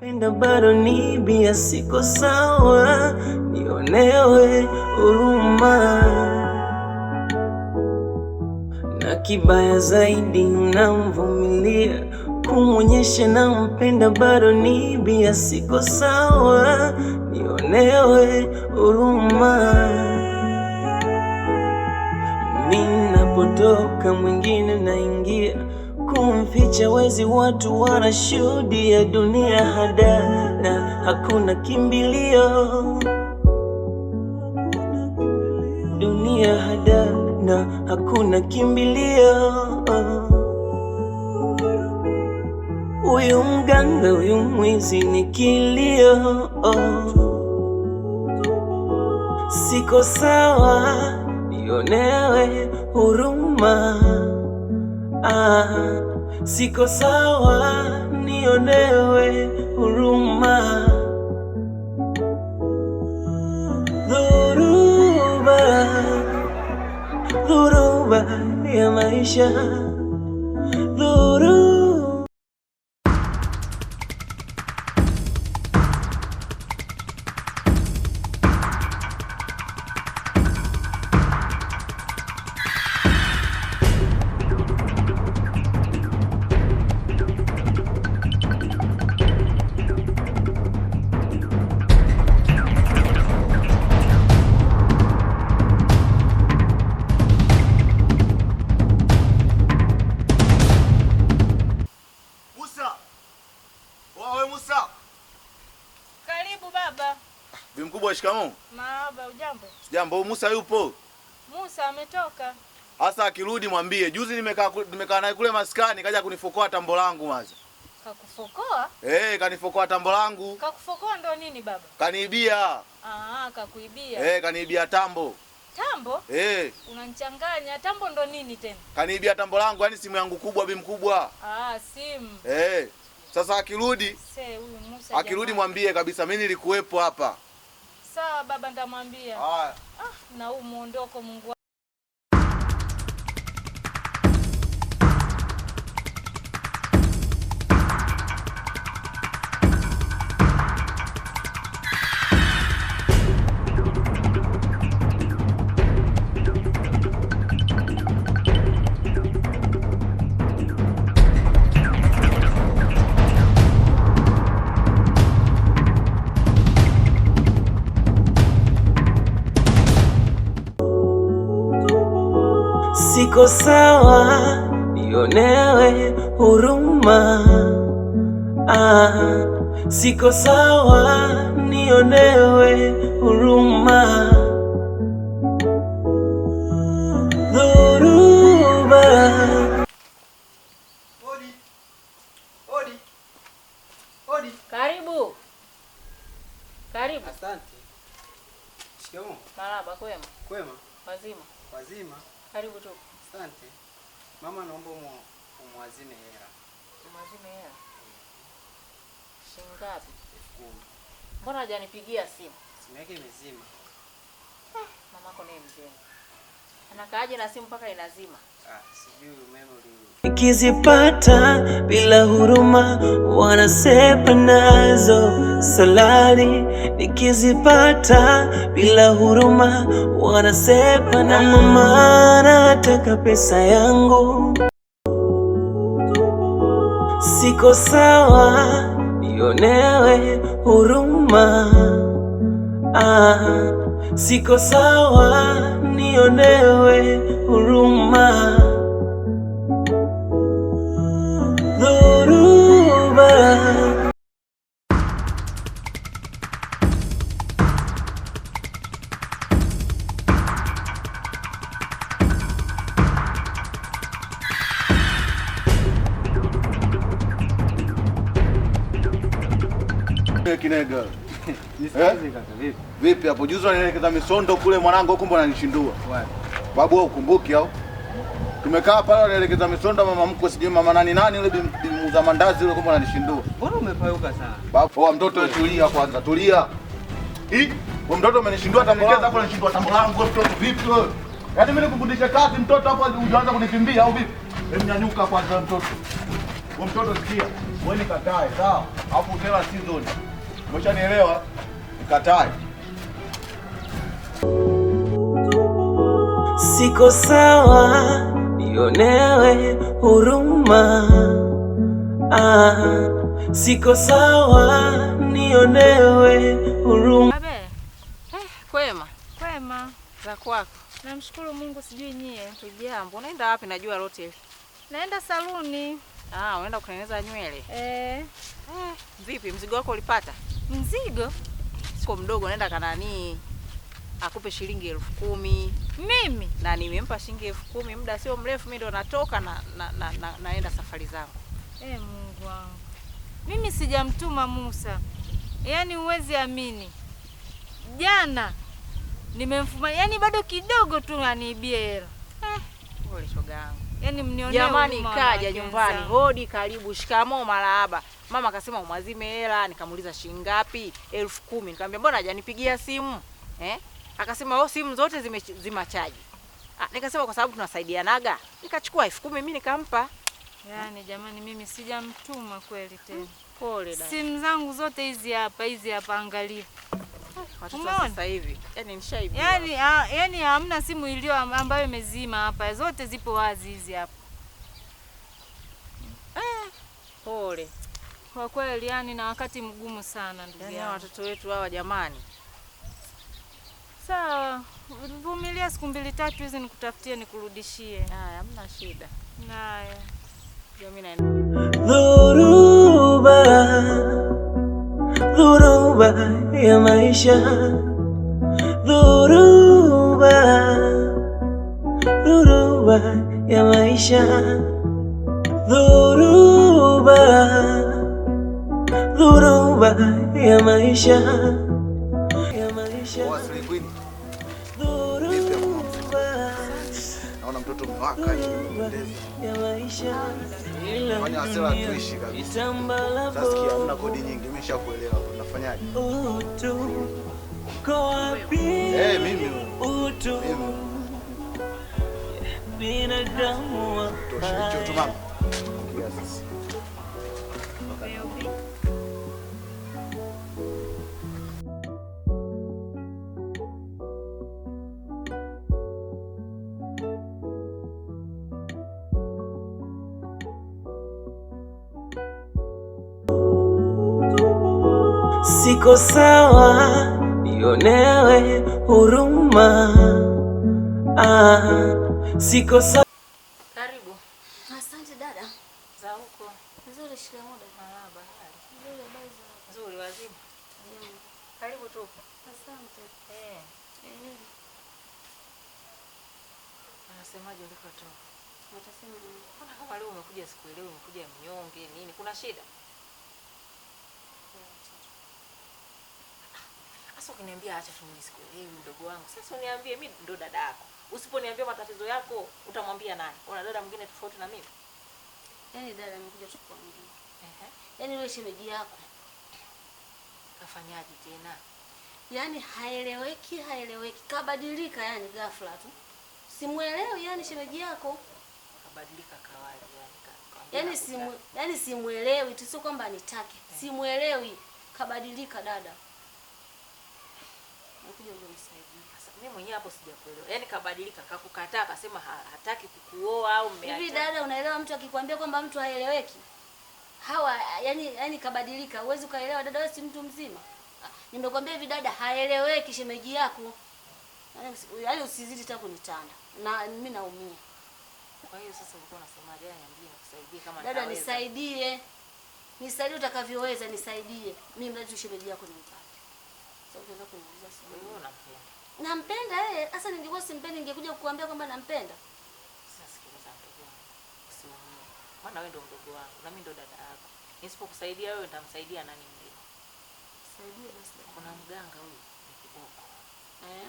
penda bado ni bia, siko sawa, nionewe huruma. Na kibaya zaidi, namvumilia kumwonyeshe na mpenda, bado ni bia, siko sawa, nionewe huruma. Ninapotoka mwingine naingia kumficha wezi, watu wanashuhudia, dunia hada na hakuna kimbilio, dunia hada na hakuna kimbilio. Huyu mganga, huyu mwizi ni kilio, siko sawa, nionewe huruma ah, siko sawa, nionewe huruma. Dhuruba, dhuruba ya maisha shikamoo. Marahaba, ujambo? Sijambo. Musa yupo? Musa ametoka. Hasa akirudi mwambie. Juzi nimekaa nimekaa naye kule maskani kaja kunifokoa tambo langu maza. Kakufokoa? Eh, kanifokoa tambo langu. Kakufokoa ndo nini baba? Kaniibia. Ah, kakuibia. Eh, kaniibia tambo. Tambo? Eh. Unanichanganya. Tambo ndo nini tena? Kaniibia tambo langu, yani simu yangu kubwa bi mkubwa. Ah, simu. Eh. Sasa akirudi, huyu Musa. akirudi mwambie kabisa mimi nilikuwepo hapa baba, ndamwambia Haya. Ah, na huu muondoko Mungu siko sawa, nionewe huruma. Ah, siko sawa, nionewe huruma. odi, odi, odi. Karibu, karibu. Asante. Kwema? Kwema. Wazima. Wazima. Karibu tu. Asante. Mama naomba umwazime hela. Umwazime hela? Shilingi ngapi? Mbona hajanipigia simu? Simu yake imezima. Eh, mamako ni mzee. Anakaaje na simu mpaka inazima? Nikizipata bila huruma wanasepa nazo salari, nikizipata bila huruma wanasepa na mama, nataka pesa yangu, siko sawa, nionewe huruma ah, siko sawa, nionewe huruma hapo. Juzi wanaelekeza misondo kule mwanangu, huku mbona nishindua? Babu wewe ukumbuki au? Tumekaa pale wanaelekeza misondo mama mkwe sijui mama nani nani yule bimuza mandazi yule kumbe ananishindua. Mbona umepayuka sana? Babu, oh mtoto tulia kwanza, tulia. Hii, oh, Mtoto amenishindua umenishindua tamekeza hapo unanishindua tambo langu mtoto vipi wewe? Yaani mimi nikufundishe kazi mtoto hapo unaanza kunikimbia au vipi? Hebu nyanyuka kwanza mtoto. Wewe oh, mtoto sikia, wewe nikatae, sawa? Hapo tena season. Umeshanielewa? Nikatae. siko sawa, nionewe huruma ah, siko sawa, nionewe huruma. Abe. eh, kwema kwema, za kwako? Namshukuru Mungu. Sijui nyie hujambo? Unaenda wapi? Najua hoteli. Naenda saluni. Ah, unaenda kutengeneza nywele eh? Eh, vipi mzigo wako ulipata? Mzigo siko mdogo, naenda Kanani akupe shilingi elfu kumi mimi na nimempa shilingi elfu kumi muda sio mrefu, mimi ndo natoka na, na, na, na naenda safari zangu. Hey, eh, Mungu wangu, mimi sijamtuma Musa, yaani huwezi amini, jana nimemfuma, yaani bado kidogo tu aniibie hela eh. Pole shoga yangu Yaani mnionee jamani, kaja nyumbani, hodi, karibu, shikamoo, marahaba. Mama akasema umwazime hela, nikamuuliza shilingi ngapi? elfu kumi. Nikamwambia mbona hajanipigia simu eh? Akasema wao oh, simu zote zimachaji Ah, nikasema kwa sababu tunasaidianaga. Nikachukua elfu kumi mimi nikampa. Yaani jamani mimi sijamtuma kweli tena. Hmm, pole dada. Simu zangu zote hizi hapa, hizi hapa angalia. Watoto sasa hivi. Yaani nishaibiwa. Yaani yaani hamna simu iliyo ambayo imezima hapa. Zote zipo wazi hizi hapa. Eh, pole. Kwa kweli yani na wakati mgumu sana ndugu yaani, yangu. Yaani watoto wetu hawa jamani. Sawa, vumilia siku mbili tatu hizi nikutafutie nikurudishie. Haya, hamna shida. Haya. Dhuruba, dhuruba ya maisha, dhuruba, dhuruba ya maisha, dhuruba, dhuruba ya maisha moto umewaka fanya asela tuishi kabisa. Nasikia hamna kodi nyingi, nimeshakuelewa. Unafanyaje? Hey, eh, mimi binadamu wa uko sawa, ionewe huruma. Ah, siko sawa. Karibu. Asante dada. Za huko nzuri, shule muda maraba nzuri, habari nzuri, Karibu tu. Asante. Eh. Anasemaje ulikotoka? Watasema kama leo umekuja, sikuelewi, umekuja mnyonge nini? Kuna shida? kuniambia acha tu nisikuelewi mdogo wangu. Sasa uniambie mimi ndo dada yako. Usiponiambia matatizo yako utamwambia nani? Una dada mwingine tofauti na mimi? Yaani dada amekuja tu kuambia. Ehe. Yaani wewe shemeji yako kafanyaje tena? Yaani haeleweki, haeleweki. Kabadilika yani ghafla tu. Simuelewi yani shemeji yako. Kabadilika kawaje yani? Yaani, yaani simu, yaani simuelewi tu sio kwamba nitake. Eh. Simuelewi. Kabadilika dada. Nikuja uje unisaidie. Sasa mimi mwenyewe hapo sijakuelewa. Yaani kabadilika, kakukataa akasema hataki kukuoa au mmeacha. Hivi dada, unaelewa mtu akikwambia kwamba mtu haeleweki? Hawa yani yani kabadilika. Huwezi ukaelewa dada, wewe si mtu mzima. Ah, Nimekwambia hivi dada, haeleweki shemeji yako. Yaani, yaani usizidi hata nitanda. Na mimi naumia. Kwa hiyo sasa ulikuwa unasema dada, yaani Niambie nikusaidie kama dada, nisaidie. Nisaidie utakavyoweza, nisaidie. Mimi mradi shemeji yako ni Nampenda yeye eh, hasa. Ningekuwa simpendi, ningekuja kukuambia kwamba nampenda. Maana wewe ndio mdogo wangu na mimi ndo dada yako. Nisipokusaidia wewe nitamsaidia nani mwingine? Saidia basi. Kuna mganga huyu ni kiboko. Eh?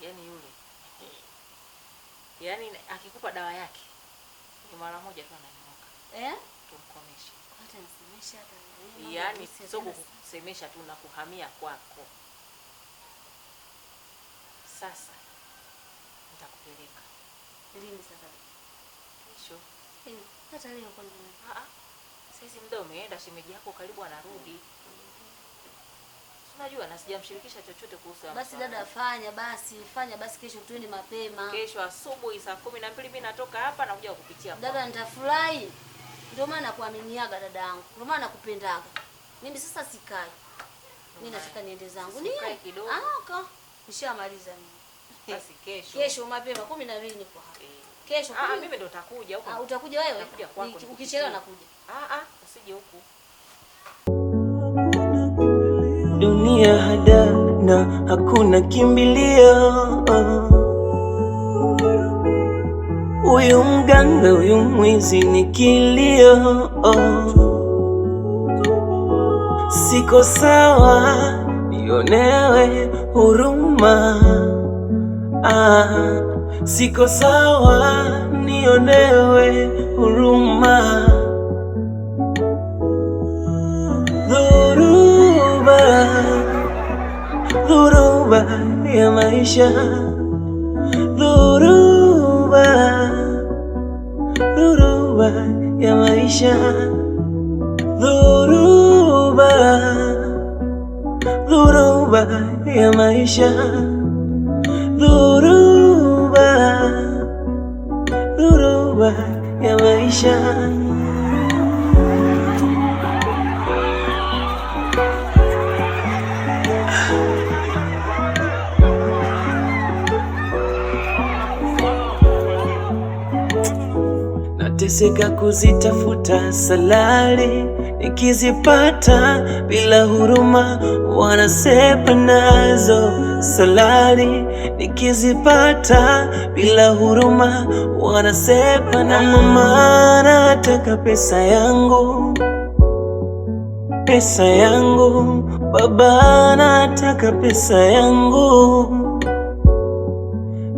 Yaani yule. Yaani akikupa dawa yake ni mara moja tu ananyooka. Eh? kumkomesha, yaani sio kukusemesha tu na kuhamia kwako. Sasa nitakupeleka lini? Sasa kesho? Eh, hata leo kwanza. Ah, ah. Sisi muda umeenda, shemeji yako karibu anarudi. Unajua na sijamshirikisha chochote kuhusu hapo. Basi dada, fanya basi, fanya basi, kesho tuende mapema. Kesho asubuhi saa kumi na mbili mimi natoka hapa na kuja kukupitia. Dada, nitafurahi. Ndio maana nakuaminiaga dada yangu, ndio maana nakupendaga mimi. Sasa sikai mimi, nataka niende zangu ni ah, nishamaliza mimi. Basi kesho, kesho mapema kumi na mbili niko hapa eh. kesho. Ah, ah mimi ndio utakuja huko. Ah, utakuja wewe, ukichelewa nakuja. Ah ah, usije huko. Dunia hadana, hakuna kimbilio huyu mganga, huyu mwizi ni kilio. Siko sawa, nionewe huruma. Ah, siko sawa, nionewe huruma. Dhuruba, dhuruba ya maisha, dhuruba dhoruba ya maisha, dhoruba, dhoruba ya maisha, dhoruba, dhoruba ya maisha Nateseka kuzitafuta salari, nikizipata bila huruma wanasepa nazo. Salari nikizipata bila huruma wanasepa na mama anataka pesa yangu, pesa yangu. Baba anataka pesa yangu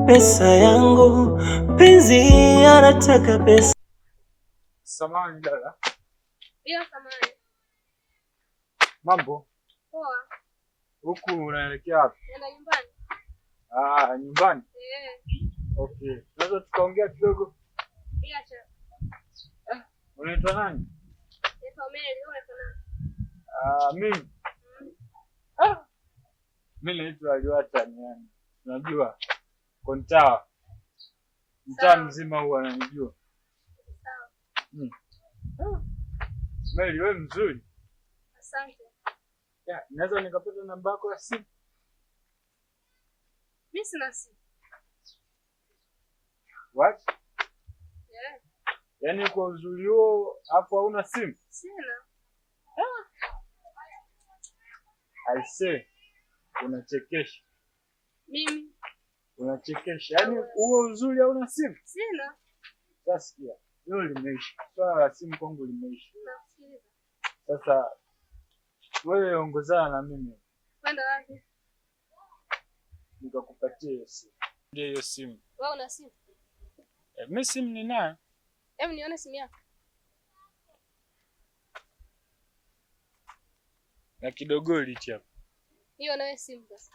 pesa yangu, penzi anataka pesa samani dada. Bila samahani. Mambo? Poa. Huku unaelekea wapi? Naenda nyumbani. Ah, nyumbani? Eh. Okay. Sasa tukaongea kidogo. Bila eh, unaitwa nani? Ah, mi Mary, mm. ah! naitwa Aliwacha Unajua? Kontawa. Mtaa mzima huu ananijua. Meli, mm. ah. wewe mzuri. Asante. Ya, naweza nikapata namba yako ya simu? Mimi sina simu. What? Yeah. Yaani kwa uzuri huo hapo hauna simu? Sina. Ah. I say, unachekesha. Mimi. Unachekesha. Yaani huo uzuri hauna simu? Sina. Sasa sikia. Hilo limeisha, swala la simu kwangu limeisha. Sasa wewe ongozana na mimi nikakupatia hiyo simu. Ndio hiyo simu. Wewe una simu? Eh, mimi simu ninayo. Hebu nione simu yako. Na kidogoli hapa. Hiyo nawe simu sasa.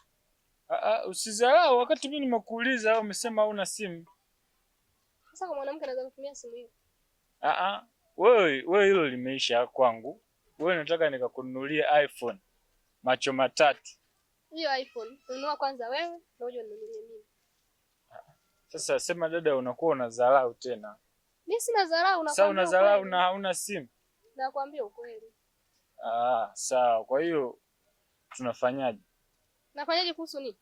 Ah, ah, usizarau wakati mimi nimekuuliza, wewe umesema huna simu. Sasa kwa mwanamke anaweza kutumia simu hiyo ah ah, wewe wewe, hilo limeisha kwangu. Wewe unataka nikakununulie iPhone macho matatu. Hiyo iPhone nunua kwanza wewe na uje ununulie mimi. Sasa sema dada, unakuwa unadharau tena. Mimi sina dharau, unakuwa sasa unadharau na hauna simu. Nakwambia ukweli. Ah, sawa. Kwa hiyo tunafanyaje? Nafanyaje kuhusu nini?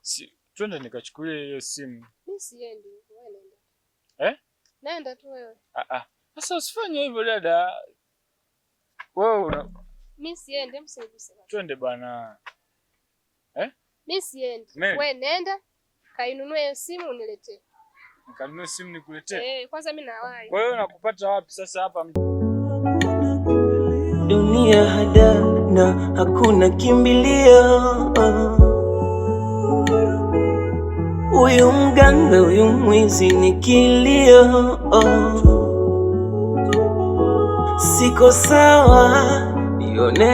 Si twende nikachukulie hiyo simu. Mimi siendi, wewe nenda. Eh? Nenda tu wewe. Ah ah. Sasa usifanye hivyo dada. Wewe una Mimi siende msiguse. Twende bwana. Eh? Mimi siende. Wewe nenda kainunue hiyo simu uniletee. Nikanunue simu nikuletee? Eh, kwanza mimi nawahi. hiyo nakupata wapi sasa hapa dunia hada na hakuna kimbilio huyu mganga, huyu mwizi ni kilio. Siko sawa, nione